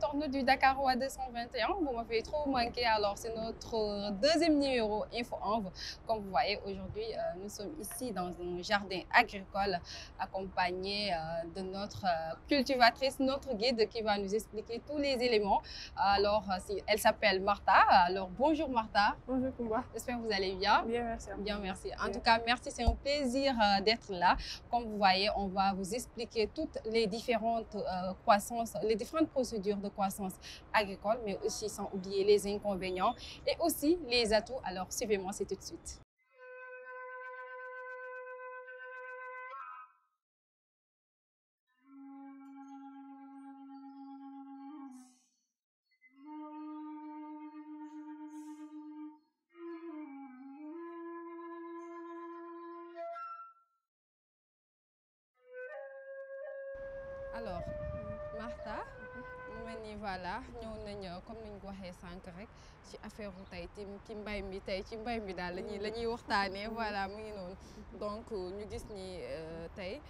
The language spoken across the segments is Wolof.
tournoi du à 221, vous m'avez trop manqué, alors c'est notre deuxième numéro Info Comme vous voyez, aujourd'hui, euh, nous sommes ici dans un jardin agricole accompagné euh, de notre euh, cultivatrice, notre guide qui va nous expliquer tous les éléments. Alors, elle s'appelle Martha. Alors, bonjour Martha. Bonjour Kumba. J'espère que vous allez bien. Bien, merci. Bien, merci. En tout cas, merci, c'est un plaisir d'être là. Comme vous voyez, on va vous expliquer toutes les différentes croissances, les différentes procédures de croissance agricole, mais aussi sans oublier les inconvénients et aussi les atouts. Alors suivez-moi, c'est tout de suite. waxee sànq rek ci affaire wu tey ci ci mbay mi tey ci mbay mi dal, lañuy la ñuy mm-hmm. voilà mu ngi noonu donc euh, ñu gis ni euh, tey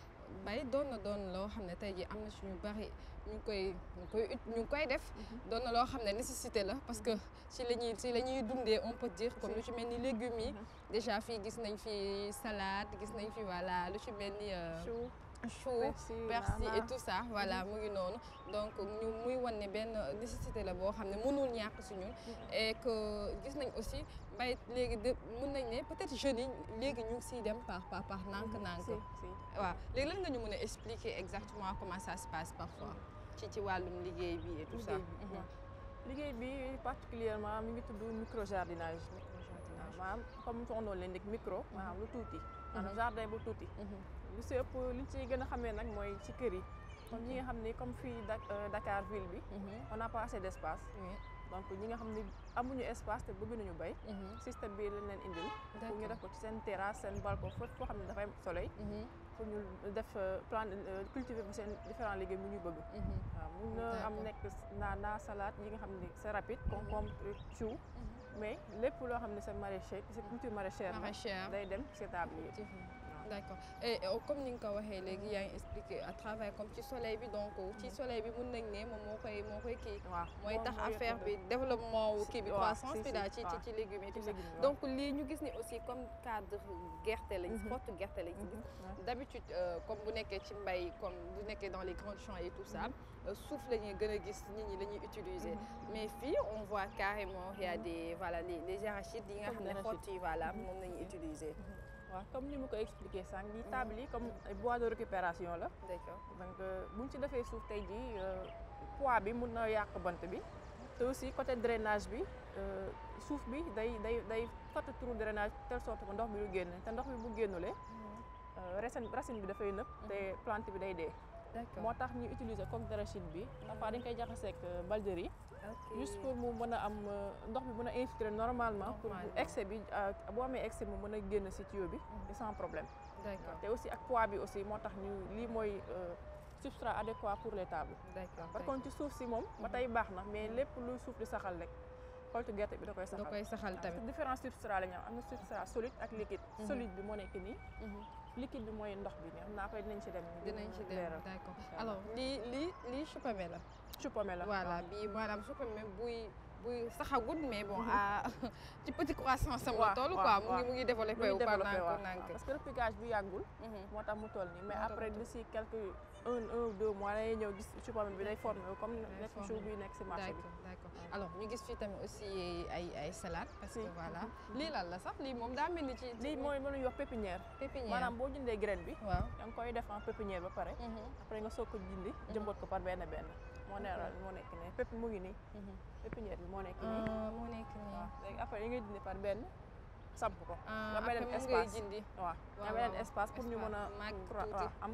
bay doon na doon loo xam ne tey jii am na suñu bari ñu ngi koy ñu koy ut ñu koy def mm-hmm. doon na loo nécessité la parce que mm-hmm. ci la ñuy ci la ñuy dundee on peut dire comme lu ci mel ni légumes déjà fii gis nañ fi salade gis nañ fi voilà lu ci mel ni euh, chaud persil et tout ça voilà mm-hmm. mu ngi donc ñu muy wan ne nécessité la voir xam ne mënul ñàkk si mm-hmm. et que gis nañ aussi mbay léegi de peut-être jeunes yi léegi ñu ngi siy dem par par par nànk-nànk mm-hmm. waaw léegi lan nga ñu expliquer exactement comment ça se passe parfois ci ci wàllum liggéey bi et tout ça liggéey bi particulièrement mi ngi tudd micro jardinage maanaam comme soxnoon leen rek micro maanaam lu tuuti un jardin bu tuuti lu si ëpp liñ ciy gën a xamee nag mooy ci kër yi comme ñi nga xam ni comme fii euh, Dakar ville bi mhm. on a pas assez d'espace donc ñi nga xam ni amuñu espace te bëgg nañu bay mhm. système bi lañ leen indil pour ñu def ko ci seen terrasse seen balcon foofu foo xam ne dafay soleil mhm. pour ñu def euh, plan euh, cultiver ba seen différents légumes yu ñu bëgg waaw mun na am nekk naa salade yi nga xam ni c'est rapide concombre chou mais lépp loo xam ne c'est maraîcher c'est culture maraîchère day dem ci table yi d' accord et oh, comme ni nga ko waxee léegi ngi expliqué à travers comme ci soleil bi donc ci soleil bi mun nañ ne moom moo koy moo koy kii. mooy tax affaire bi développement wu kii bi croissance bi daal ci ci ci légumes yi. donc lii ñu gis ni aussi comme cadre gerte lañ. Mhm. xottu gerte lañ gis. Mhm, d' euh, comme bu nekkee ci mbay comme bu nekkee dans les grands champs et tout ça mhm. euh, suuf la ñuy gën a gis nit ñi la utiliser. mais fii on voit carrément il y a des voilà les les arachides yi nga xott yi voilà moom la ñuy utiliser. waaw comme ni ma ko expliqué sànq lii mm-hmm. table yi comme ay bois de récupération la. d'accord donc euh, bu ñu ci defee suuf tey jii euh, pois bi mun na yàq bant bi. te aussi côté drainage bi euh, suuf bi day day day côté trou drainage telle sorte que ndox bi du génn te ndox bi bu génnulee. Mm-hmm. racine racine bi dafay nëb. te mm-hmm. plante bi day dee. moo tax ñu utiliser coque d'arachide bi. parfois dañ koy jaxaseeg balderie juste pour mu mën a am euh, ndox bi mën a infiltrer normalement pour excès bi euh, boo amee excès mu mën a génn si tuyau bi mhm. sans problème te aussi ak poids bi aussi moo tax ñu lii mooy euh, substrat adéquat pour les tables par contre ci suuf si moom ba mhm. tey baax na mais lépp luy suuf di saxal rek xoltu gerte bi da koy saxal da koy saxal tamit différence substrat la ñu am am na substrat solide ak liquide mhm. solide bi moo nekk nii liquide bi mooy ndox bi nii xam naa après dinañ ci dem. dinañ ci dem d'accord alors lii lii lii chou pommé la. chou pommé la voilà bii maanaam chou pommé buy. bu saxagut mais bon mhm. à ci petit croissance sam la toll quoi mu ngi mu ngi par nànk parce que repiquage bu yàggul mhm. moo tax mu toll nii mais après d'ici quelques un un deux mois lay ñëw gis ci pomme bi day formé comme nekk jour bi nekk si marché bi d'accord alors ñu gis fii tamit aussi ay ay salade parce que voilà mhm. lii lan la sax lii moom daa mel ni ci lii mooy mën nañu wax pépinière pépinière maanaam boo jëndee graine bi waaw koy def en pépinière ba pare après nga soog ko jindi jëmbat ko par benn benn moo neeral moo nekk nii pépp mu ngi nii. Mhm. pépinière bi moo nekk nii. Ah, après yi ngay dindi par benn samp ko. Ah, nga may leen espace waaw nga may leen espace pour ñu mën a. am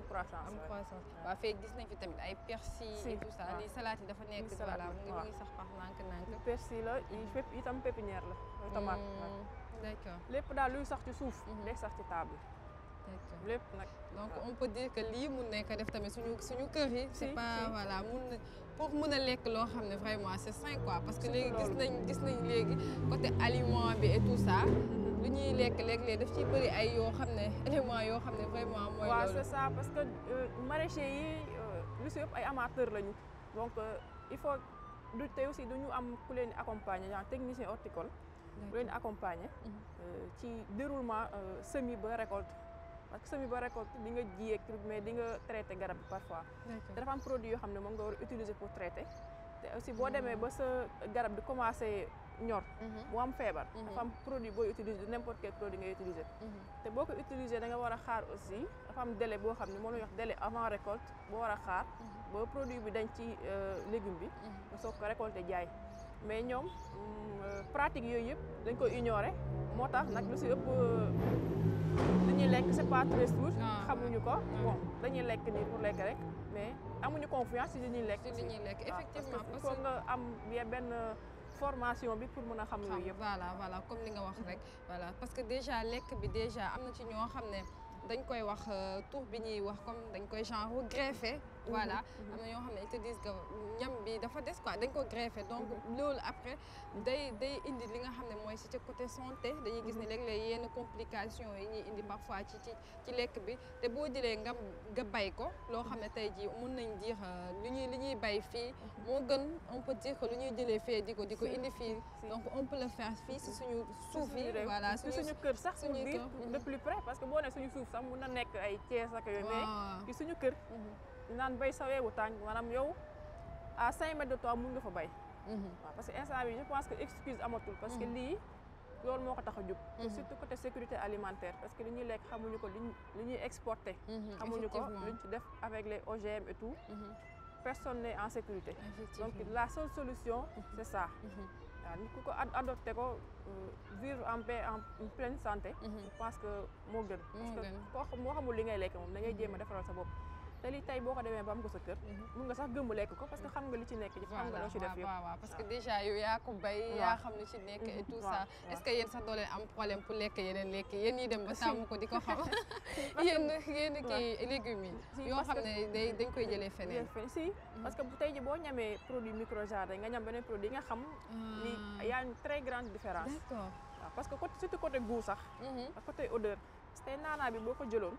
croissance am croissance waaw fee gis nañ fi tamit ay persil et tout ça lii salade yi dafa nekk voilà mu ngi mu ngi sax pax la mhm. itam pépinière la. tomate mm, lépp daal luy sax ci suuf. Mhm. day sax ci table. lépp donc ah. on peut dire que lii mun nañ ko def tamit suñu suñu kër yi. c'est pas voilà pour mun a lekk loo xam vraiment c'est sain quoi. parce que léegi gis nañ gis nañ léegi côté aliment bi et tout ça. Mm-hmm. lu ñuy lekk léeg-léeg daf ciy bëri ay yoo xam éléments yoo vraiment. mooy loolu c'est ça parce que euh, maraîchers yi euh, lu si yëpp ay amateurs lañu donc euh, il faut du aussi de nous am ku leen accompagner genre technicien horticole. bu leen accompagner. Mm-hmm. ci déroulement semis ba récolte. parce que semis ba récolte di nga jiyee mais di nga traité garab bi parfois. te dafa am produit yoo xam ne moom nga war a utiliser pour traiter. te aussi boo demee ba sa garab di commencé ñor. Mhm. mu am feebar. Mhm. dafa am produit booy utiliser n'importe quel produit nga utiliser. Mhm. te boo ko utiliser da nga war a xaar aussi dafa am délé boo xam ne moom la ñuy wax délai avant récolte boo war a xaar. ba produit bi dañ ci euh, légume bi. nga soog ko récolter jaay. mais ñoom mm, euh, pratique yooyu yëpp dañ ko ignorer moo tax nag lu euh, li ñuy lekk c'est pas très sûr. Ah, xamuñu ko ah. bon dañuy lekk nii pour lekk rek mais amuñu confiance si dañuy ñuy lekk. ci li lekk effectivement ah, parce que nga am benn. formation bi pour mën a xam yooyu yëpp voilà voilà comme ni nga wax rek voilà parce que déjà lekk bi déjà am na ci ñoo xam ne dañ koy wax euh, tur bi ñuy wax comme dañ koy genre greffé Mhm, voilà mhm. am na ñoo xam ne ils te disent que ñam bi dafa des quoi dañ ko greffé mhm. donc loolu après day day indi li nga xam ne mooy si ci côté santé dañuy gis ne léeg-léeg yenn complications yi ñuy indi parfois ci ci ci lekk bi te boo jëlee nga nga bay ko loo xam ne tey jii mun nañ dire euh, lu ñuy li ñuy bay fii moo gën on peut dire que lu ñuy jëlee fee di ko di ko indi fii donc on peut le faire fii si suñu suuf yi voilà suñu kër sax suñu dire de plus près parce que boo ne suñu suuf sax mun na nekk ay Thiès ak yooyu mais ci suñu kër nan bay sawé sa weewu tànk yow à 5 mètres de toi mun nga fa bay mhm. parce que instant bi je pense que excuse amatul. parce que mhm. li lool moko ko tax mhm. surtout côté sécurité alimentaire parce que li ñuy lekk xamuñu ko li ñuy exporter xamuñu ko luñ ci def avec les OGM et tout. personne n'est en sécurité. donc la seule solution c'est ça. waaw nit ku ko ko euh, vivre en paix en pleine santé. je pense que mo gën. parce que koo moo xamul li ngay lekk mom da ngay jéem a sa bop te li tey boo ko demee ko sa kër mhm. mun nga sax gëmb lekk ko parce que xam nga li ci nekk ci xam nga lo ci def yëpp waaw parce que déjà yow ya ko bay ya xam lu ci nekk et mhm. tout ça est-ce que yeen sax do len am problème pour lekk yeneen lekk yeen ñi dem ba tàmm ko diko xam yeen yeen ki légumes yo xamné day dañ koy jëlee feneen si mhm. parce que tay ji bo ñamé produit micro jardin nga ñam benen produit nga xam ni ah. ya une très grande différence d'accord parce que côté surtout côté goût sax côté odeur tey nana bi boko jëlone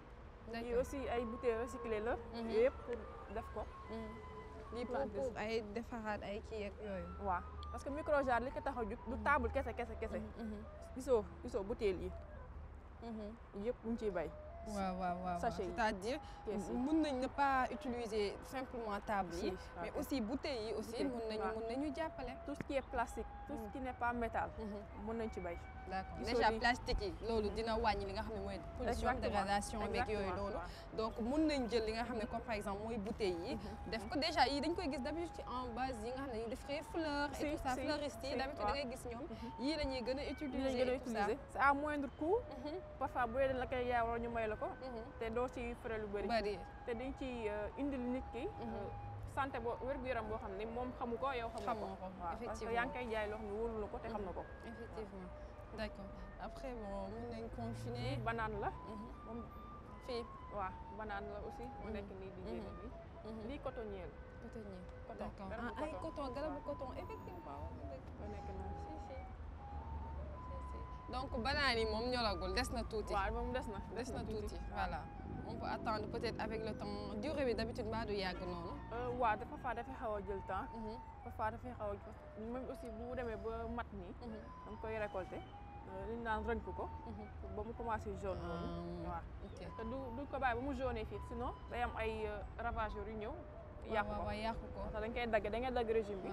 Il y a aussi des bouteilles recyclées la. Mhm. yooyu yëpp pour def ko. Mhm. lii pour pour ay defaraat ay parce que micro jar li ko mhm. table, a du table c'est une bouteille. gisoo gisoo bouteilles yi. bouteille. bay. c'est-à-dire mun nañ ne pas utiliser simplement table yi. mais aussi bouteilles yi aussi mun tout ce qui est plastique. tout ce qui n'est pas métal. on nañ ci bay déjà plastique yi loolu dina wàññi li nga xamné moy pollution dégradation avec yoy lolu donc mun nañ jël li nga xamné comme par exemple moy bouteille yi mhm. def ko déjà yi dañ koy gis d'habitude ci en base yi nga xamné ne ñu fleur mhm. et tout ça fleuriste yi d'habitude da ngay gis ñom yi lañuy gëna gën a utiliser c'est à moindre coût mhm. parfois bu dee la kay yaa ñu may la ko té do ci frais lu bëri te dañ ci euh, indil nit ki euh, santé bo wér-gu-yaram bo xamné mom xamuko yow xamuko ko waaw parce que yaa ngi koy jaay loo xam ne ko té xam na effectivement d'accord après bon on nañ confiné. Mmh. banaan -hmm. bon, fii waaw banane là aussi. mu mmh. nekk nii di mmh. jënd nii. lii cotonnier la. cotonnier coton ah, ay coton garabu coton effectivement mu nekk nii si si si donc banane mom, moom ñoragul des na tuuti. waaw moom des na des na voilà. on peut attendre peut-être avec le temps durée d'habitude mbaa du yàgg noonu. Euh, waaw dafa faa dafay xaw a jël temps. dafa faa dafay xaw a même aussi bu demee ba mat nii. da koy récolter. li ñu naan rënk ko. Mhm. ba mu commencé jaune noonu. lu ah, te du duñ ko ba mu jaune fii sinon day am ay euh, ravageurs yu ñëw. yàqu ko waaw yàqu ko. parce que dañ koy dagg dañ koy dagg régime bi.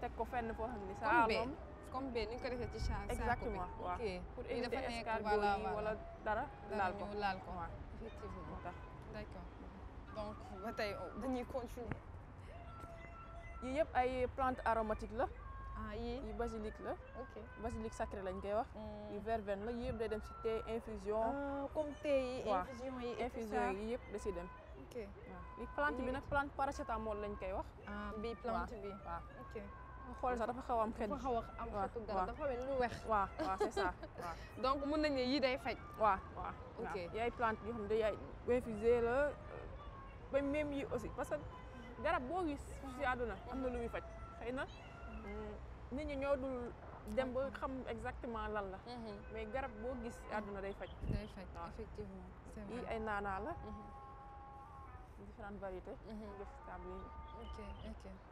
teg ko fenn foo xam ne saa moom comme ko defee ci champs. exactement waaw pour éviter escargot wala dara. laal ko laal ko waaw effectivement. d' accord donc ba tey oh, dañuy continuer. yii yëpp ay plantes aromatique la. ah yii yi basilic la. ok basilic sacré lañ koy wax. Mm. yi verveine la yëpp day dem si thé infusion. Ah, comme yi infusion yi infusion yi yëpp da si dem. ok waaw bi nag plante paracétamol lañ koy wax. Ah, bi plante xool sax dafa xaw a am xet. dafa xaw a am xetu lu wex. waaw waaw c'est ça donc mën nañu ne day faj. waa waaw. ok yaay plante yoo xam ne yaay infusé la euh, ba même yi aussi parce que garab boo gis. si àdduna am na lu muy faj xëy na. Mm. nit ñi ñoo dul dem ba xam exactement lan la. Mhm. mais garab boo gis mhm. àdduna day faj. day faj effectivement c'est vrai ay naanaa la. Mhm. différentes variétés. def table yi. ok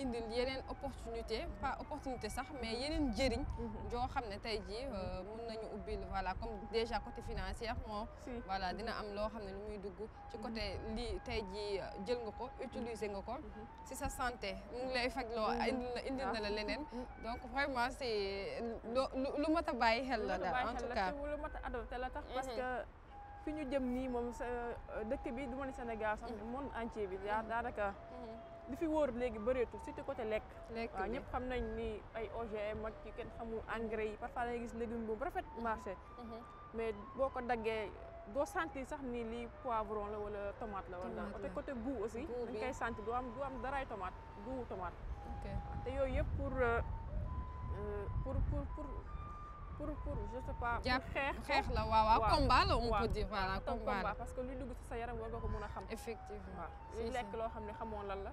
indi yeneen opportunité pas opportunité sax mais mhm. yeneen jëriñ mhm. joo xam ne tey jii euh, mhm. mun nañu ubbi ubbil voilà comme déjà côté financier moom voilà dina am loo xam ne lu muy dugg ci côté lii tey jii euh, jël nga ko utiliser nga ko si sa santé mu lay faj loo indil na indil la ah. leneen donc vraiment c'est lu mat a bàyyi xel la daal en tout cas lu a adopté la tax parce que fi ñu jëm nii moom sa euh, dëkk bi du ma ne Sénégal sax monde entier bi daa daanaka li fi wóor léegi bëreetul surtout côté lekk. lekk waaw ñëpp xam nañ ni ay OGM ak yu kenn xamul engrais yi parfois da gis légume bu rafet mhm. marché. Mhm. mais boo ko daggee doo sentir sax ni lii poivron la wala tomate la. wala côté côté goût aussi. dañ koy sentir du am du am daraay tomate goût tomate. ok te yooyu yëpp pour euh, pour pour pour. pour pour je sais pas. jàpp xeex la waaw waaw combat la on peut dire voilà combat la parce que luy dugg ci sa yaram war nga ko a xam. effectivement waaw lekk loo xam ne lan la.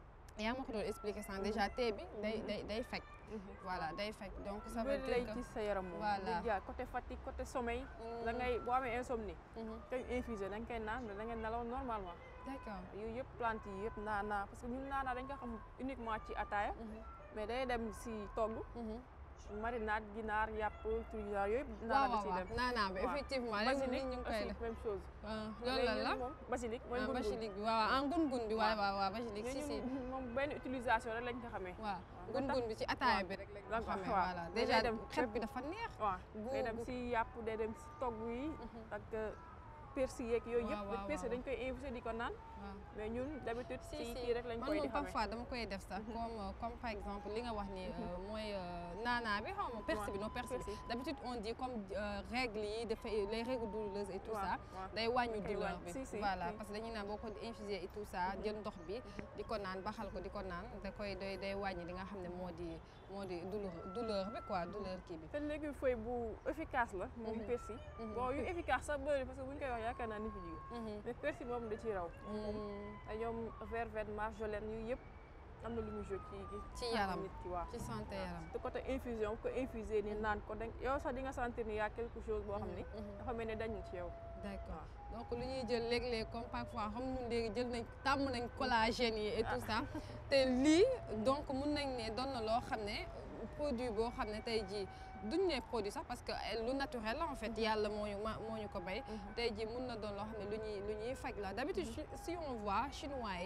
yaa ma ko doon expliqué déjà tey bi day mm-hmm. day day faj. Mm-hmm. voilà day faj donc ça veut dire que voilà ah, côté fatigue côté sommeil. Mm-hmm. da ngay boo amee insomnie. kañ infusé da nga koy naan da nga nelaw normalement. d' accord yooyu yëpp plante yi yëpp parce que ñun naanaa dañ ko xam uniquement ci ataaya. mais day dem si togg. marinade ginaar yàpp tuuti ginaar yooyu. waaw waaw waaw naanaa bi effectivement. léegi nit ñi ngi koy def basilic aussi même chose. loolu lan la moom basilic. mooy ngun-gun bi waaw ah ngun-gun bi waaw waaw waaw basilic si si. moom benn utilisation rek lañ ko xamee. waaw gun bi ci ataaya bi rek lañ ko xamee. déjà xet bi dafa neex. waaw dem si yàpp day dem si togg yi mhm. persil yeeg yooyu yëpp. waaw dañ koy investir di ko naan. mais ñun d'habitude si kii rek lañ dama koy def sax. comme euh, comme par exemple li nga wax ni euh, mooy euh, naanaa bi xaw ma persil bi non persil bi d'habitude on dit comme règles yi dafay les règles douloureuses et tout ça. day di douleur bi voilà parce que dañuy naan boo ko infusé et tout ça mm-hmm. jël ndox bi mm-hmm. di ko naan ba xal ko di ko naan da koy day day wàññi li nga xam ne moo di. moo di douleur douleur bi quoi douleur kii bi. te léegi feuille bu efficace la. moom mhm. persil. Mhm. bon yu efficace sa bëri parce que bu ñu koy wax yaakaar naa ni fi jigéen. Mhm. mais persil moom da ciy raw. moom ñoom verveine marjolaine yu yëpp. am na lu muy jóg ci ci yaram ci ki ci santé yaram te côté infusion ko infusé ni mm-hmm. naan ko dañ yow sax di nga sentir ni ya quelque chose bo xamni mm-hmm, mm-hmm. dafa melni ne dañ ci yow d'accord donc lu ñuy jël lég lég comme parfois xam ñun léegi jël nañ tam nañ collagène yi et tout ça ah. té li donc mën nañ né don na lo xamné produit bo xamné ne tey duñ né produit sax parce que eh, lu naturel la en fait yalla moo ñu moo ñu ko bay tey jii mun na don lo xamné ne lu ñuy lu ñuy faj la d'habitude si on voit chinois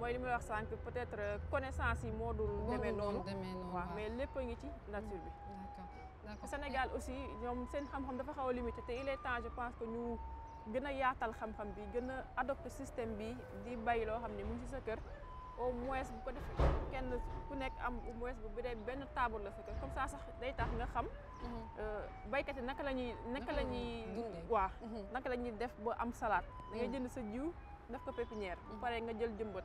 moi li ma wax sànq peut-être euh, connaissance yi moo dul demee mais lépp a ngi ci nature bi d'accord Sénégal aussi ñoom seen xam-xam dafa xaw a limité te il est temps je pense que ñu gëna a yaatal xam-xam bi gëna adopter système bi di bay lo xamni mu ngi ci sa kër au moins bu ko def kenn ku nekk am au moins bu dé ben table la sa kër comme ça sax day tax nga xam mhm. euh baykat yi naka lañuy ñuy naka la ñuy naka lañuy mhm. def bo am salade da ngay mhm. jënd sa jiw def ko pépinière bu paree nga jël jëmbat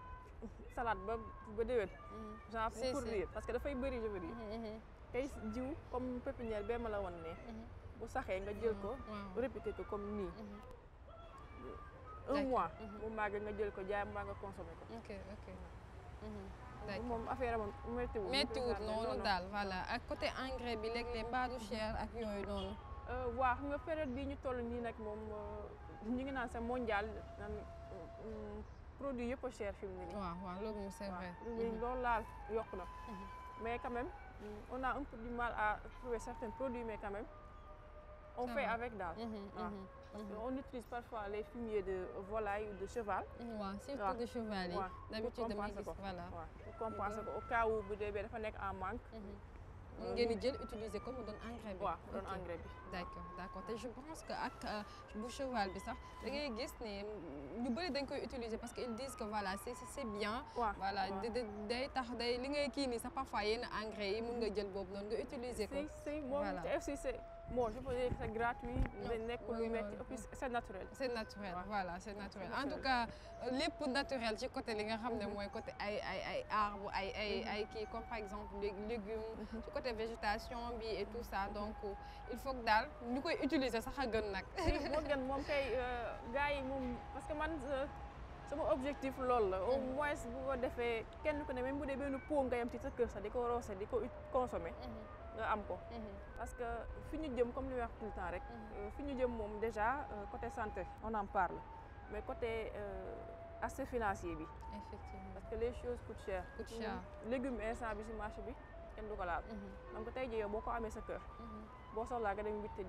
salaat ba ba déwén. Mm-hmm. genre pour courir parce que dafay bëri je veux dire. Mm-hmm. tey jiw comme pépinière bee ma la woon ne. Mm-hmm. bu saxee nga jël ko. répéter ko comme nii. un mois. mu màgg nga jël ko jaay màgg nga consommer ko. moom affaire moom méttiwul. méttiwul noonu daal voilà ak côté engrais bi léeg-léeg mbaadu cher ak yooyu noonu. Euh, waaw nga période bii ñu toll nii nag moom euh, ñu ngi naan sa mondial. Euh, produit yëpp pas cher fi mu waaw waaw loolu moom c'est vrai. Mhm. mais quand même on a un peu du mal à trouver certains produits mais quand même. on fait avec daal. Mhm, mhm, on utilise parfois les fumiers de volaille ou de cheval. Oui, surtout de cheval yi. d'habitude on gis voilà. pour compenser au cas où bu dee dafa nekk en manque mun euh, ngeen di jël utiliser ko mu doon engrais bi. waaw mu engrais bi. d' accord d' accord je pense que ak euh, bu cheval bi sax da ngay gis ne ñu bëri dañ koy utiliser parce que ils disent que voilà c' c'est c' bien. voilà day tax day li ngay kii nii sax parfois yenn engrais yi mun nga jël boobu noonu nga utiliser ko. si si moom aussi Bon, je peux dire que c'est gratuit, mais c'est naturel. C'est naturel, voilà, c'est naturel. En tout cas, les poudres naturelles, du côté les mhm. côté arbres, qui mhm. comme par exemple les légumes, du mhm. côté végétation et tout ça. Donc, il faut que dalle, nous pouvons utiliser ça. Oui, moi, parce que moi, c'est mon objectif lol. Au moins, vous avez fait, quelqu'un même vous avez une pomme qui est un petit peu ça, de consommer am ko mhm. parce que fiñu jëm comme li wax tout le temps rek mhm. euh, fiñu jëm mom déjà euh, côté santé on en parle mais côté euh, aspect financier bi effectivement parce que les choses coûtent cher coûtent mhm. cher légumes instant bi si marché bi kenn du ko laal donc tey jii yow boo sa cœur bo soxlaa nga dem witte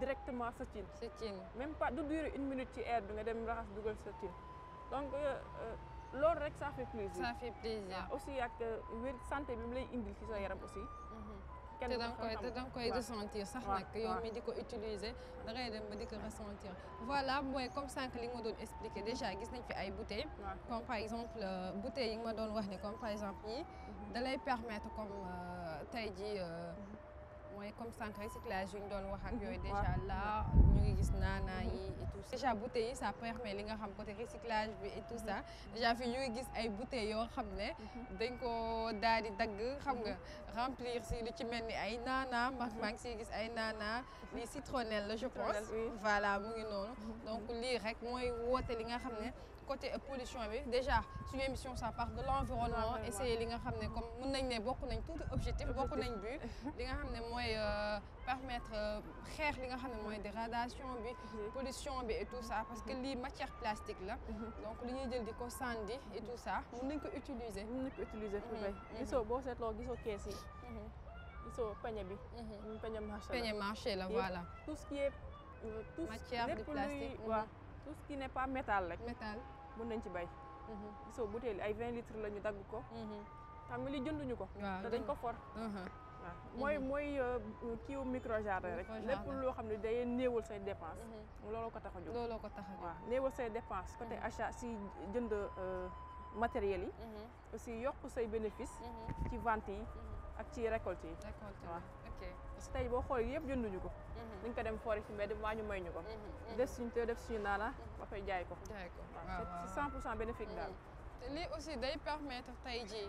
directement sa tin sa tin même pas du durer une minute ci air bi nga dem raxas dugal sa tin donc loolu rek ça fait plaisir ça fait plaisir ah, aussi ak wér santé bi mu lay indil ci sa yaram aussi te da nga koy te da nga koy ressentir sax nag yow mi di ko utiliser da ngay dem ba di ko ressentir voilà mooy comme ça que li nga doon expliquer déjà gis nañ fi ay bouteilles comme par exemple euh, bouteille yi nga ma doon wax ni comme par exemple yi mhm. da permettre comme euh, tey ji euh, mhm mooy comme sànq recyclage yi ñu doon wax ak mhm. yooyu déjà là ñu ngi gis naanaa yi et tout déjà bouteilles yi ça permet li nga xam côté recyclage bi et tout ça mhm. déjà fii ñu ngi gis ay bouteilles yoo xam ne mhm. dañ ko daal di dagg xam nga remplir si lu ci mel ni ay naana mag maa ngi siy gis ay naana li citronnelle la je pense voilà mu ngi noonu donc lii rek mooy woote li nga xam ne côté pollution bi déjà suñu émission ça part de l'environnement essayer li nga xam comme mën nañ ne bokk nañ tuuti objectif bokk nañ but li nga xam ne euh, permettre euh, xeex li nga xam ne dégradation bi mhm. pollution bi et tout ça parce que mhm. lii matière plastique là mhm. donc li ñuy jël di ko et tout ça mën nañ ko utiliser mën nañ ko utiliser fu bay gisoo boo seetloo gisoo kees yi gisoo pañe bi pañe marché pañe marché la voilà tout ce qui est euh, tout matière de plastique waaw tout ce qui n'est pas métal rek métal mun nañ ci bay mhm. gisoo butéel ay vingt litres la ñu dagg ko mhm. xam nga li jënduñu ko te dañ ko for mhm. waaw mooy mooy euh, kii micro jardin rek lépp loo xam ne day néewal say dépense looloo ko tax a jóg looloo ko tax a jóg waaw néewal say dépense côté achat si jënd euh, matériels yi aussi yokk say bénéfice ci vente yi ak ci récolte yi waaw ok parce que tey boo xoolee yëpp jënduñu ko. Mhm. dañ ko dem foore ci mbedd waa ñu may ñu ko. Mhm, mhm. def suñu te def suñu naana ba fay jaay ko. jaay ko waaw c'est pour cent bénéfique daal. lii aussi day permettre tey jii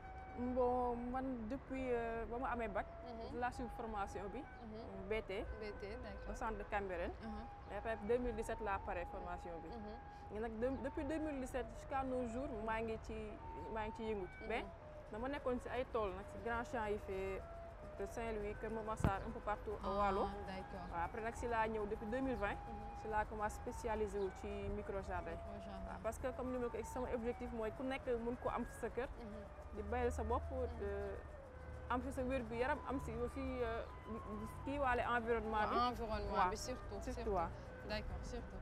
bon man depuis euh, ba ma amé bac. Mhm. la suivre formation bi. Mhm. BT. BT d'accord au centre de Cambérène. Mhm. et après 2017 la paré formation bi. ñu nag depuis 2017 jusqu'à nos jours maa ngi ci maa ngi ci yëngut. mais dama nekkoon ci ay tol nak ci grand champ yi fait de Saint-Louis, Kër Momassar, un peu partout au ah, Walo. D'accord. Après, là si laa depuis 2020. là qu'on m'a spécialisé au ci micro jardin. parce que comme nous, avons un objectif mooy ku nekk mun ko am si sa kër. Mhm. di bayal sa mhm. faire am si sa yaram am aussi euh, kii waale environnement environnement mais surtout surtout d'accord surtout.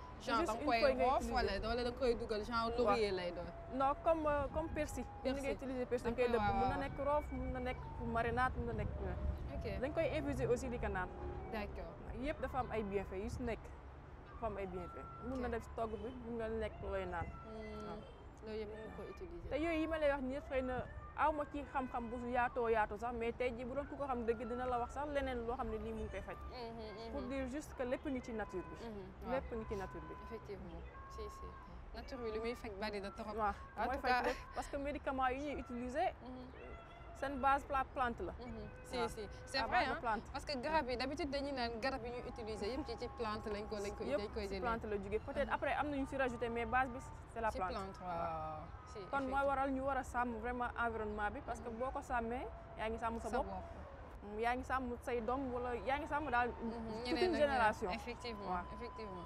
jean dan kan koy roof wala dan kan je koy een genre laurier lay doon. non comme euh, comme persil. persil ñu utiliser persil dañ koy dëbb mun na nekk roof mun marinade mun na ok dañ koy infuser aussi di je. naan. d'accord yëpp dafa am ay bienfaits van si nekk ay bienfaits. mun na def togg bi je nga nekk looy naan. Hmm. waaw utiliser. te je yi lay wax aw ma ci xam-xam bu yaatoo yaatu sax mais tey ji bu doon ku ko xam dëgg dina la wax sax leneen loo xam ne lii mu ngi koy faj mm-hmm, mm-hmm. pour dire juste que lépp ngi ci nature bi mm-hmm, lépp ngi ci nature bi effectivement si si nature bi lu muy faj bari na trop waaw mooy faj parce que médicaments yi ñuy utiliser seen base plante mhm. là. -hmm. si si C'est vrai hein parce que garab d'habitude, d' habitude dañuy naan garab yi ñuy utiliser yëpp ci ci plante lañ ko lañ ko dañ koy jëlee. plante la jógee peut être mhm. après am na ñu si rajouté mais base bi c' est la plante. plante waaw kon mooy waral ñu war a vraiment environnement bi parce que mhm. boo ko sàmmee yaa ngi sàmm sa bopp. Mm, yaa ngi sàmm say dom wala yaa ngi sàmm daal. toute une génération effectivement effectivement.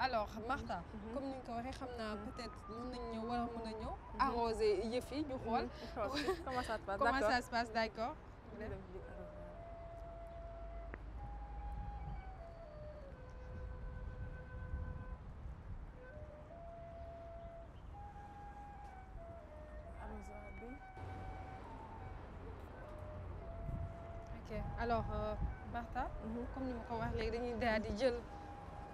alors mhm. Martha mhm. comme nous mhm. peut-être arrosé comment ça se passe d'accord alors euh, Martha comme ni ko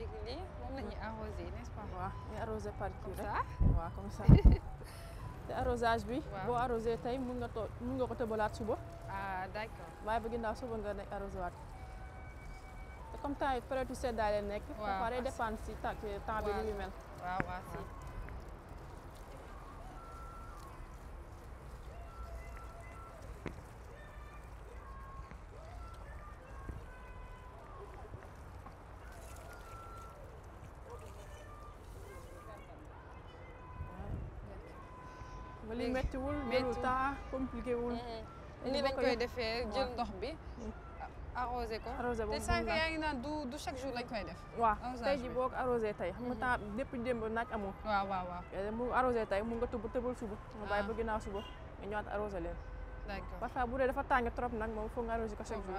léegi lii moom la ñuy arrosé n'est-ce par kii rek waaw te arrosage bi. boo arrosé tey mun nga too mun nga ko tëbalaat suba. ah d'accord waaye ba ginnaaw suba nga nekk arrosé waat te comme temps yi période seddaay la nekk. waaw pare dépendre si temps bi ni muy wala méttiwul jëlul temps compliqué wul nii lañ koy defee jël ndox bi arrosé ko arrosé boobu te sànq yaa ngi naan du du chaque jour lañ koy def waaw tey ji boo ko arrosé tey xam nga temps depuis démb naaj amul waaw waaw waaw mu arrosé tey mun nga tëb tëbal suba nga bàyyi ba ginnaaw suba nga ñëwaat arrosé leen d'accord parce que bu dee dafa tàng trop nag moom foog nga arrosé ko chaque jour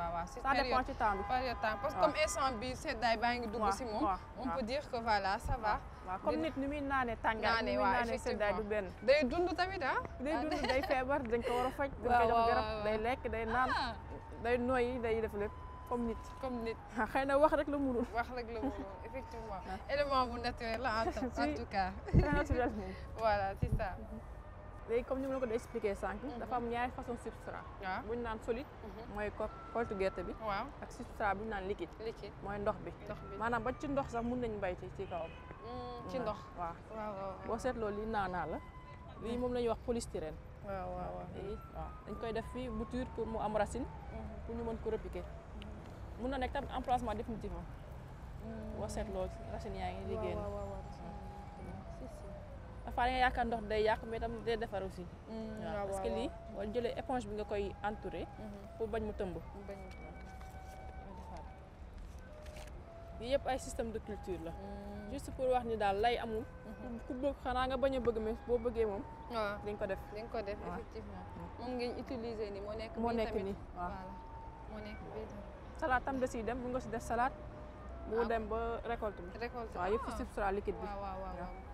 waaw waaw ça dépend ci temps bi période temps parce que comme instant bi seddaay baa ngi dugg si moom on peut dire que voilà ça va waaw comme nit ni muy naane tàngaay ni muy naane du benn day dund tamit ah day day feebar dañ ko war a faj dañ ko jox garab day lekk day naan ah. day nooyi day def lépp comme nit comme nit ah, xëy na wax rek la munul wax rek la munul effectivement ah. bu naturel la en tout cas naturel moom voilà c'est ça mhm. léegi comme ni ma ko doon expliqué sànq. Mhm. dafa am ñaari façon substrat. waaw bu naan solide. Mhm. mooy ko xoltu gerte bi. waaw ak substrat bu ñu naan liquide. liquide mooy ndox bi. ndox bi maanaam ba ci ndox sax mun nañu bay ci ci kawam. ci mm, ndox waaw waaw boo seetloo lii naanaa la lii moom la ñuy wax polystyrène waaw waaw waaw dañ koy def fii bouture pour mu am racine mm. pour ñu mën ko repiquer mun na nekk tam emplacement définitivement mm. wa seetloo racine yaa ngi liggéey parfois nga yaakaar ndox day yàq mais tam day defar aussi. parce que lii boo jëlee éponge bi nga koy entourer. Mm-hmm. pour bañ mu tëmb. yi yëpp ay système de culture la mm. juste pour wax ni daal lay amul mm-hmm. ku bëgg xanaa nga bañ a bëgg mais boo bëggee moom waaw dañ ko def dañ ko def effectivement moom ngeen utiliser ni moo nekk moo nekk nii waaw moo nekk salaat tam da siy dem bu nga si def salaat bu ah. dem ba récolte bi récolte waaw yëpp ah. si substrat liquide bi waaw waaw waaw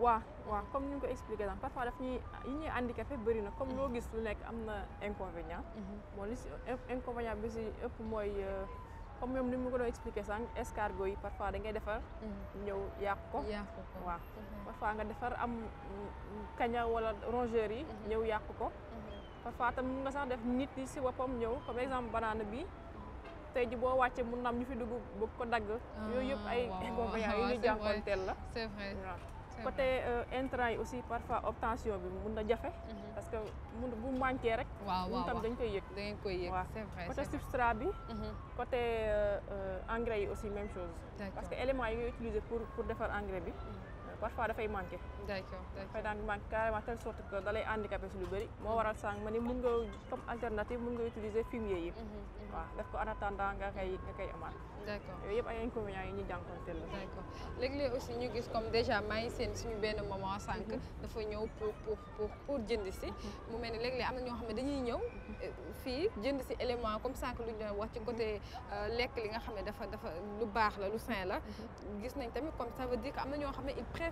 waa waa comme ni nga ko expliqué tam parfois daf ñuy yi ñuy handicapé bëri na comme loo gis lu nekk am na inconvénient mm-hmm. bon li si inconvénient bi si ëpp mooy comme ñoom ni mu ko doon expliqué sànq escargot yi parfois da ngay defar mm-hmm. ñëw yàq ko waaw mm-hmm. parfois nga defar am mm, kaña wala rongeur yi ñëw yàq ko parfois tam nga sax def nit yi si boppam ñëw comme exemple banane bi tey ji boo wàccee mun na am ñu fi dugg bëgg ko dagg ah, yooyu yëpp ay inconvénient yi ñu jànkonteel la c'est vrai côté euh, intrant yi aussi parfois obtention bi mun na jafe. Mhm. parce que mun bu manqué rek. waaw waaw tam dañ koy yëg. dañ koy yëg c'est vrai côté substrat bi. Mhm. côté euh, euh, engrais yi aussi même chose. parce que éléments yi ngay utiliser pour pour defar engrais bi. Mhm. parfois dafay manqué. d'accord dafay daan manqué carrément telle sorte que da lay handicapé si lu bëri. moo waral sànq ma ni mun nga comme alternative mun nga utiliser fumier yi. Mhm, mhm. waaw def ko en attendant nga koy nga koy amaat. d'accord yooyu yëpp yi ñuy jànkuwanteel la. d'accord léeg-léeg mhm. si. mu mel ni na ñoo xam ne dañuy ñëw. Eh, fii jënd si élément comme sànq lu ñu doon wax ci côté euh, lekk li nga xam ne dafa dafa lu baax la lu sain la. gis nañ tamit comme ça veut dire que am na ñoo xam ne il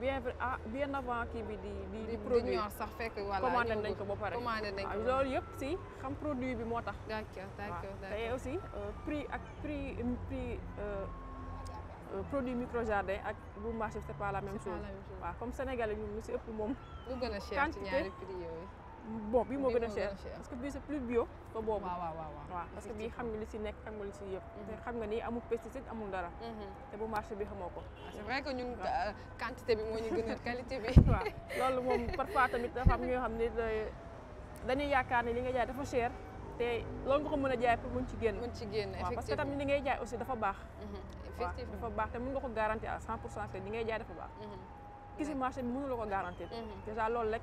bien ah, bien avant kii bi di. di di produit ñor sax fekk voilà nañ ko ba pare commandé nañ ko ah, loolu yëpp si xam produit bi moo tax. d'accord d'accord aussi euh, prix ak prix prix euh, euh, produit micro jardin ak bu marché c'est pas la même chose. c'est comme Sénégalais ñun lu si ëpp moom. lu gën a bon bii moo gën a cher parce que bii c'est plus bio boobu waaw parce que bii xam nga li si nekk xam nga li si yëpp mhm. te xam nga ni amul pesticide amul dara mhm. te bu marché bi xamoo ko ah, euh, a qualité loolu moom parfois tamit dafa xam ne dañuy yaakaar ne li nga jaay dafa cher te loolu nga ko mën a jaay pour mun ci génn mun ci parce que tamit li ngay jaay aussi dafa baax mhm, effectivement dafa baax te mun nga ko garantir li ngay jaay dafa baax ki si marché bi mënu la ko garantir déjà loolu rek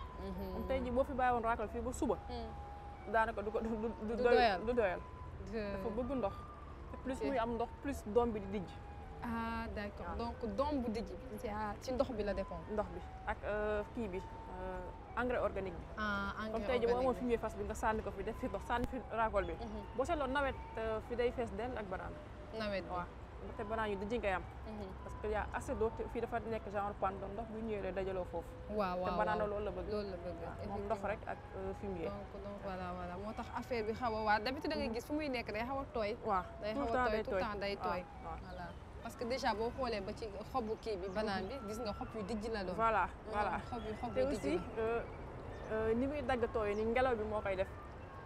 Mm-hmm. tey jii boo fi bàyyi woon raakal fii ba suba. Mm. daanaka du ko du du doyal du doyal. dafa bëgg ndox. plus muy am ndox plus doom bi di dijj. ah d' accord donc doom bu dijj ah, ci ndox bi la dépend. ndox bi ak euh, kii bi euh, engrais organique bi. ah engrais organique bi comme tey jii boo amoon fumier fas bi nga sànni ko fi def fi ndox sànni fi raakol bi. Mm-hmm. boo seetloo nawet euh, fi day fees dell ak banaana. nawet waaw. ndaxte balaa ñu dëjëñ koy am. Mhm. parce que y' a fii dafa nekk genre pond donc ndox bu ñëwee dajaloo foofu. waaw waaw te banaan la bëgg. loolu la ndox rek ak euh, fumier. donc donc moo tax affaire bi xaw a waa d'habitude da ngay mhm. gis fu muy nekk day xaw a tooy. waaw tout le temps day parce que déjà xoolee ba ci xobu kii bi mhm. banaan bi gis nga xob yu dijj la doon. voilà voilà xob yu xob te aussi euh, euh, ni muy dagg tooy ni ngelaw bi moo koy def.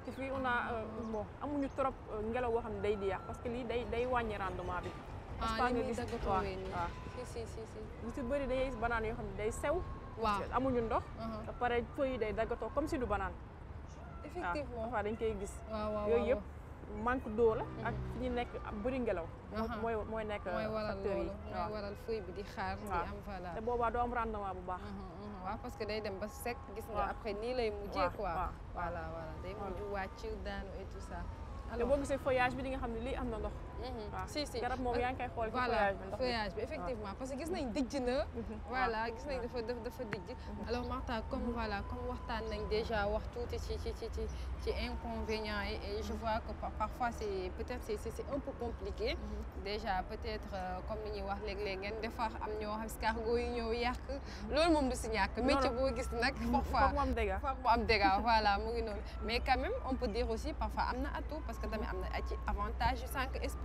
te fi on a eh, bon amuñu trop eh, ngelaw boo xam day di yàq ah, parce que li day day wañi rendement bi. parce que muy daggatoo waaw waaw. si si si lu ci bari day gis banane yo xam day sew. waaw amuñu ndox. da uh-huh. pare feuilles yi day daggatoo comme si du banane effectivement fa dañ koy gis. yoy yep manque d'eau la. Uh-huh. ak fi ñu nekk bëri ngelaw. moy moy nek facteur yi waral loolu mooy waral feuille bi di xaar. di am fa la te boba do am rendement bu baax. Uh-huh. waaw parce que day dem ba sec gis nga après nii lay mujjee quoi voilà voilà day mujj wàcc daanu et tout ça alors boo gisee feuillage bi di nga xam ne lii am na ndox waaw mhm. si si garab moom yaa ngi koy voilà feuillage effectivement parce que gis nañ dijj na. Mhm. voilà ah. gis nañ dafa dafa dijj. Mhm. alors Martha comme voilà comme waxtaan nañ déjà wax tuuti ci ci ci ci inconvénients yi et je vois que parfois c'est peut être c'est c'est un peu compliqué. déjà peut être euh, comme ni ñuy wax léeg-léeg ngeen defar am ñoo xam escargot yi ñëw yàq. loolu moom du si mais tu boo gis nag. parfois foog mu am dégâts foog mu am dégâts voilà mu ngi noonu. mais quand même on peut dire aussi parfois am na atout parce que tamit am na ci avantage yu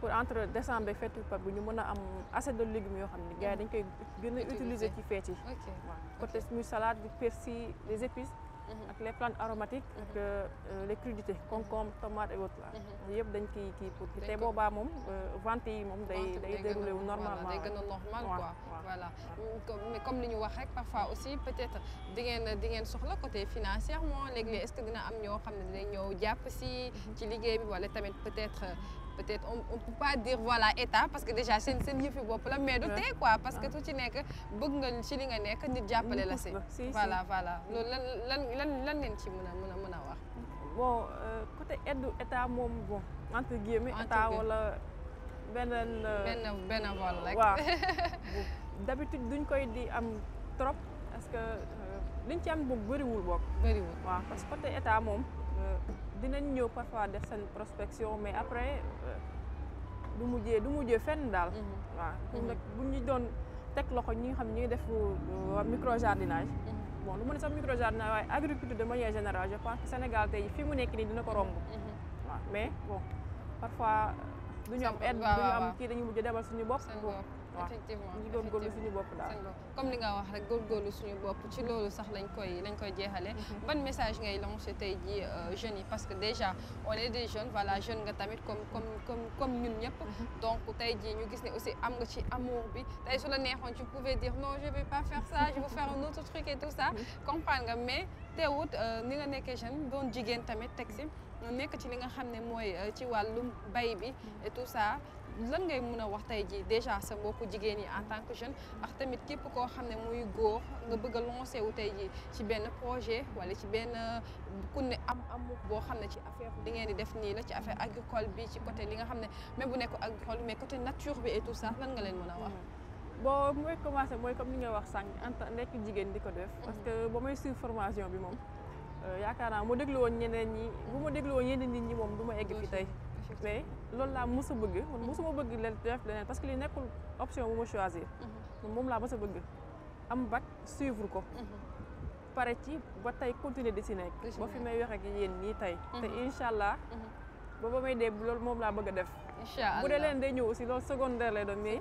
pour entre décembre et fête il bi ñu mën assez de légumes yoo xam gars dañ koy gën a utiliser ci feet yi salade persil les épices mhm. avec les plantes aromatiques mhm. euh, les crudités concombre tomate et autres mhm yëpp dañ koy mais comme parfois aussi peut-être di ngeen soxla côté financièrement mhm. est-ce que dina am ñoo ne mhm. ci peut-être peut-être on peut pas dire voilà état parce que déjà seen yëfi la mais quoi parce que tout ci bëgg nga ci li nga la voilà voilà lan lan bon euh, côté aide état moom bon entre guillemets état wala benn euh, benn benn vol rek waaw d'habitude duñ koy di am trop parce que euh, liñ ci am boog bëriwul boog bëriwul parce que côté état moom dinañ ñëw parfois def seen prospection mais après du mujjee du mujjee fenn daal mhm. waaw mhm. bu ñu doon teg loxo ñi nga xam ñuy ngi def micro bon lu mën a sax micro jardin waaye agriculture de manière générale je pense Sénégal tey fi mu nekk nii dina ko romb. Mhm. waaw mais bon parfois. Euh, du ñu am aide du ñu am kii dañu mujj demal suñu bopp. effectivement comme nga message ngay euh, jeunes parce que déjà on est des jeunes voilà jeune comme comme comme comme mhm. donc aussi amour tu pouvais dire non je vais pas faire ça je vais faire un autre truc et tout ça mhm. mais euh, jeune et tout ça lan ngay mën a wax tey ji déjà sa ko jigéen yi en tant que jeune ak tamit képp koo xam ne muy góor nga bëgg a lancé wu tey ji ci benn projet wala ci benn ku ne am amu boo xam ne ci affaire li ngeen di def nii la ci affaire agricole bi ci côté li nga xam ne même bu nekk agricole mais côté nature bi et nga leen mën a wax. Mm-hmm. boo mooy commencé mooy comme ni nga wax sànq en jigéen di ko def. parce que ba may suivre formation bi moom. Euh, yaakaar naa ma déglu woon ñeneen ñi bu ma déglu woon nit ñi moom du ma egg fi tey. mais loolu laa mës bëgg man ma bëgg le def leneen parce que li nekkul option bu ma choisir mhm. moom laa mës bëgg am bac suivre ko mhm. pare ci ba tey continuer di si nekk ba fi may wax ak yéen nii tey te mhm. incha allah ba ba may dee loolu moom laa bëgg a def bu dee leen day ñëw aussi loolu secondaire lay doon mais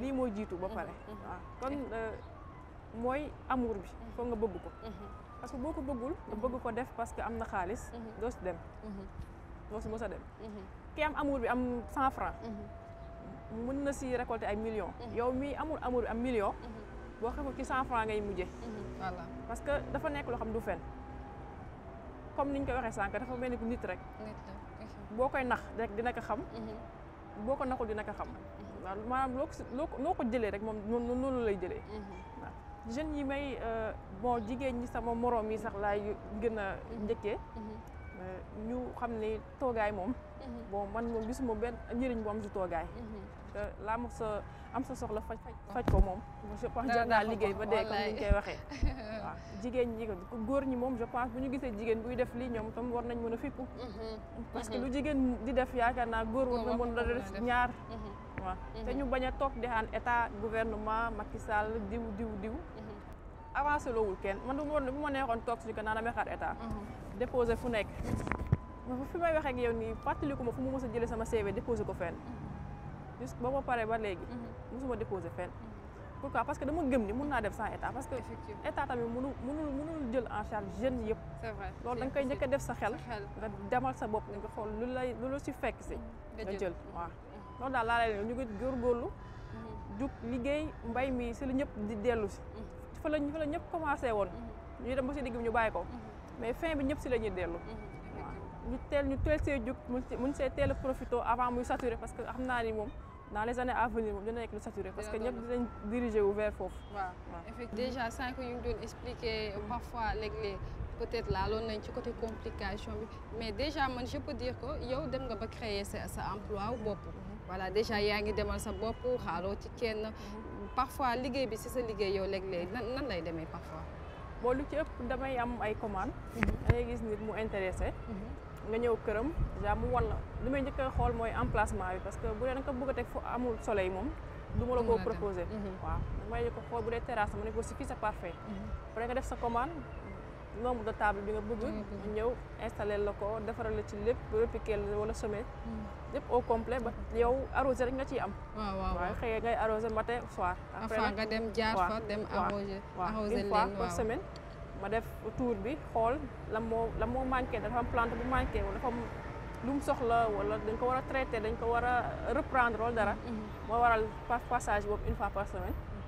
lii mooy jiitu ba pare waaw kon euh, mooy amour bi foog nga bëgg ko parce que boo ko bëggul nga bëgg ko def parce que am na xaalis doo si dem moo mos a dem mhm. ki am amour bi am cent mën mhm. na si récolter ay millions mhm. yow mi amul amour am million boo xam ci cent franc ngay mujje voilà parce que dafa nekk loo xam du fen comme niñ koy waxee sànq dafa mel ni ku nit rek boo koy nax rek dina ko xam boo ko naxul dina ko xam waaw maanaam loo ko loo ko jëlee rek moom noonu lay jëlee waaw yi may euh, bon jigéen ñi sama moroom yi sax laay gën a njëkkee Eh, ñu xam ne toogaay moom mhm. bon man moom gisuma benn njëriñ bu am si toogaay mhm. te laa ma sa am sa soxla faj faj ko moom je pense jar naa liggéey ba dee comme ni ñu koy waxee waaw jigéen ñi ko góor ñi moom je pense bu ñu gisee jigéen buy def lii ñoom tam war nañ mën a fippu mhm. parce que lu jigéen di def yaakaar naa góor war na mën a def ñaar waaw te ñu bañ a toog di xaan état gouvernement Macky Sall diw diw diw avancé loowul kenn man du ma neexoon toog damay xaar état déposé fu nekk fi may waxee ak yow nii fàttaliku ma fu mu mos a jëlee sama CV déposé ko fen juste ba ma paree ba léegi mhm. mosuma déposé fenn mhm. pourquoi parce que dama gëm ni mun naa def sans état parce que état tamit mënul mënul mënul jël en charge jeunes yëpp loolu da koy njëkk def sa xel demal sa bopp nga xool lu lay lu la si fekk si mhm. nga jël waaw loolu daal laa lay ñu ngi góorlu jug liggéey mbay mi si la ñëpp di dellu si fa la fa la ñëpp commencé woon ñu dem ba si digg bi ñu bàyyi ko mais fin bi ñëpp ci lañuy déllu ñu tel ñu tel see juk mën see teel profiter avant muy saturer parce que xam ni mom dans les années à venir moom dina nek lu saturer parce que ñëpp dinañ diriger wu vers fofu waaw effectivement déjà sànq ñu ngi doon expliquer parfois léeg-léeg peut-être là l'on nañ ci côté complication bi mais déjà moi je peux dire que yow dem nga ba créer sa sa emploi bopp. Mhm. voilà déjà y'a ngi demal sa beaucoup xalo ci kenn. Mhm. parfois liguey bi si sa liguey yow léeg-léeg nan lay démé parfois. bon lu ci ëpp damay am ay commande mhm. da ngay gis nit mu intéressé mhm. nga ñëw këram déjà mu wan la li may njëkk a xool mooy placement bi parce que bu dee da nga ko bëgg a teg fu amul soleil moom du ma la koo proposé mhm. waaw da may njëkk a xool bu dee terrasse ma ne ko si fii c'est parfait après nga def sa commande nombre de table bi nga bëgg mm-hmm. ñëw installé la ko defaral la ci lépp répliqué la wala semé mm-hmm. lépp au complet ba mm-hmm. yow arrosé rek nga ciy am waaw waaw waaw xëy ngay arrosé matin soir après nga dem jaar fa dem arrosé arrosé leen waaw par semaine ma def tour bi xool la moo la moo manqué dafa am plante bu manqué wala dafa am lu mu soxla wala dañ ko war a traité dañ ko war a reprendre wala dara moo waral par passage boobu une fois par semaine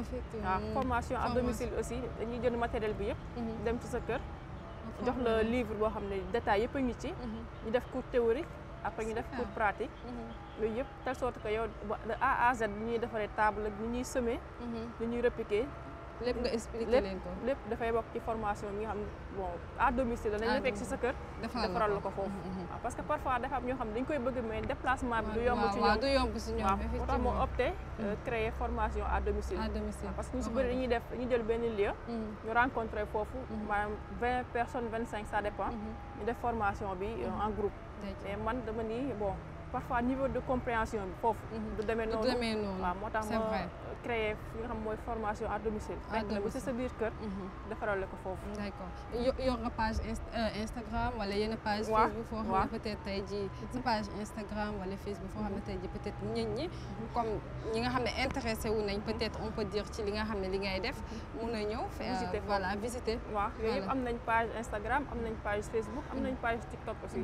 effectivement waaw ah, formation à domicile aussi dañuy jënd matériel bi yëpp. Mhm. dem ci sa kër. jox la livre boo xam ne détail yëpp a ngi ci. Mhm. ñu def cours théorique après ñu def cours pratique. loolu mhm. yëpp telle sort que yow de A à ñuy defaree table ak ñuy semer. ñuy repiquer. lépp nga expliqué leen ko lépp dafay bokk ci formation bi nga xam bon à domicile la la fekk si sa kër defaral la ko foofu mm-hmm. ah, parce que parfois dafa am ñoo xam dañ koy bëgg mais déplacement bi du yomb ci ñoom du yomb si ñoom effectivement moo tax mu opté mm. euh, créer formation à domicile ah, parce que ñu si bëri dañuy def ñu jël benn lieu mm. ñu rencontré foofu mm-hmm. maanaam vingt personnes vingt cinq ça dépend mm-hmm. ñu def formation bi euh, en groupe mais man dama ni bon parfois niveau de compréhension bi foofu du demee noonu waaw moo tax créer fi nga xam mooy formation à domicile. fekk la bu si sa biir kër. Mhm. defaral la ko foofu. d' accord yor nga page euh, Instagram wala yenn page. Facebook foo xam ne peut être tey jii mhm. sa page Instagram wala Facebook foo xam ne mhm. tey jii peut être nit ñi. comme ñi nga xam ne intéressé wu nañ peut être on peut dire ci li nga xam ne li ngay def mun a ñëw. visiter voilà visiter. waaw yooyu yëpp am nañ page Instagram am nañ page Facebook am nañ page TikTok aussi.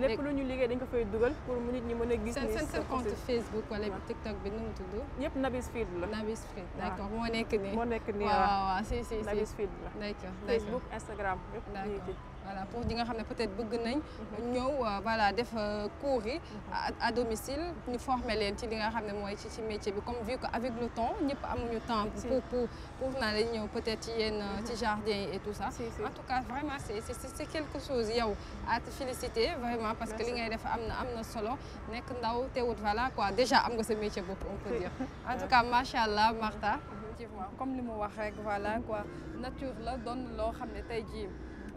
lépp lu ñu liggéey dañ ko fay dugal pour mu nit ñi mën a gis. seen seen compte Facebook wala TikTok bi nu mu tudd. yëpp Nabis Feed feed la Nabis feed d' accord moo nekk nii moo nekk nii waaw waaw si si si Nabis feed la. d' accord Facebook Instagram yëpp. voilà pour ñi nga peut-être bëgg nañ ñëw euh, voilà def euh, cours à domicile ñu former leen ci li nga xam ne mooy ci ci métier bi comme vu que avec le temps ñëpp amuñu temps pour pour pour naa ñëw peut-être ci yenn mm-hmm. ci jardin et tout ça en tout cas vraiment c'est c'est quelque chose yow à te féliciter vraiment parce que li ngay def am na am na solo nekk ndaw teewut voilà quoi déjà am nga sa métier beaucoup on peut dire en tout cas macha allah Martha effectivement mm-hmm. comme li mu wax rek voilà quoi nature la donne loo xam ne tey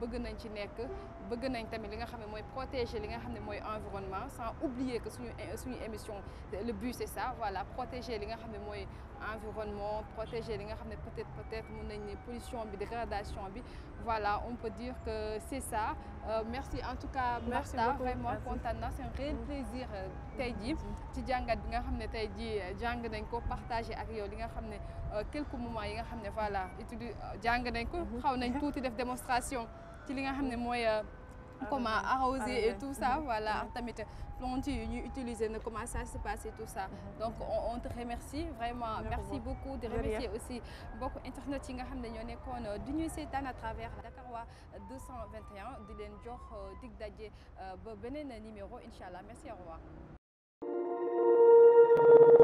bëgg nañ ci nekk bëgg nañ tamit li nga xam ne protéger li nga xam ne environnement sans oublier que suñu suñu émission le but c'est ça voilà protéger li nga xam ne environnement protéger li nga xam peut-être peut-être mun nañ pollution bi dégradation bi voilà on peut dire que c'est ça euh, merci en tout cas merci Martha vraiment Fontana, c'est un réel plaisir euh, tey jii ci jàngat bi nga xamné tay di euh, jang nañ ko partager ak yow li nga xamné quelques moments yi nga xamné voilà étude jàng nañ ko mhm. xaw nañ touti def démonstration ci euh, comment arroser et tout ça mhm. voilà tamit plante utiliser comment ça se passe et tout ça mhm. donc on te remercie vraiment merci beaucoup de remercier aussi beaucoup internet yi nga nous ne ñoo euh, à travers Dakarwa 221 di jour jox euh, dig numéro Inshallah. merci à vous.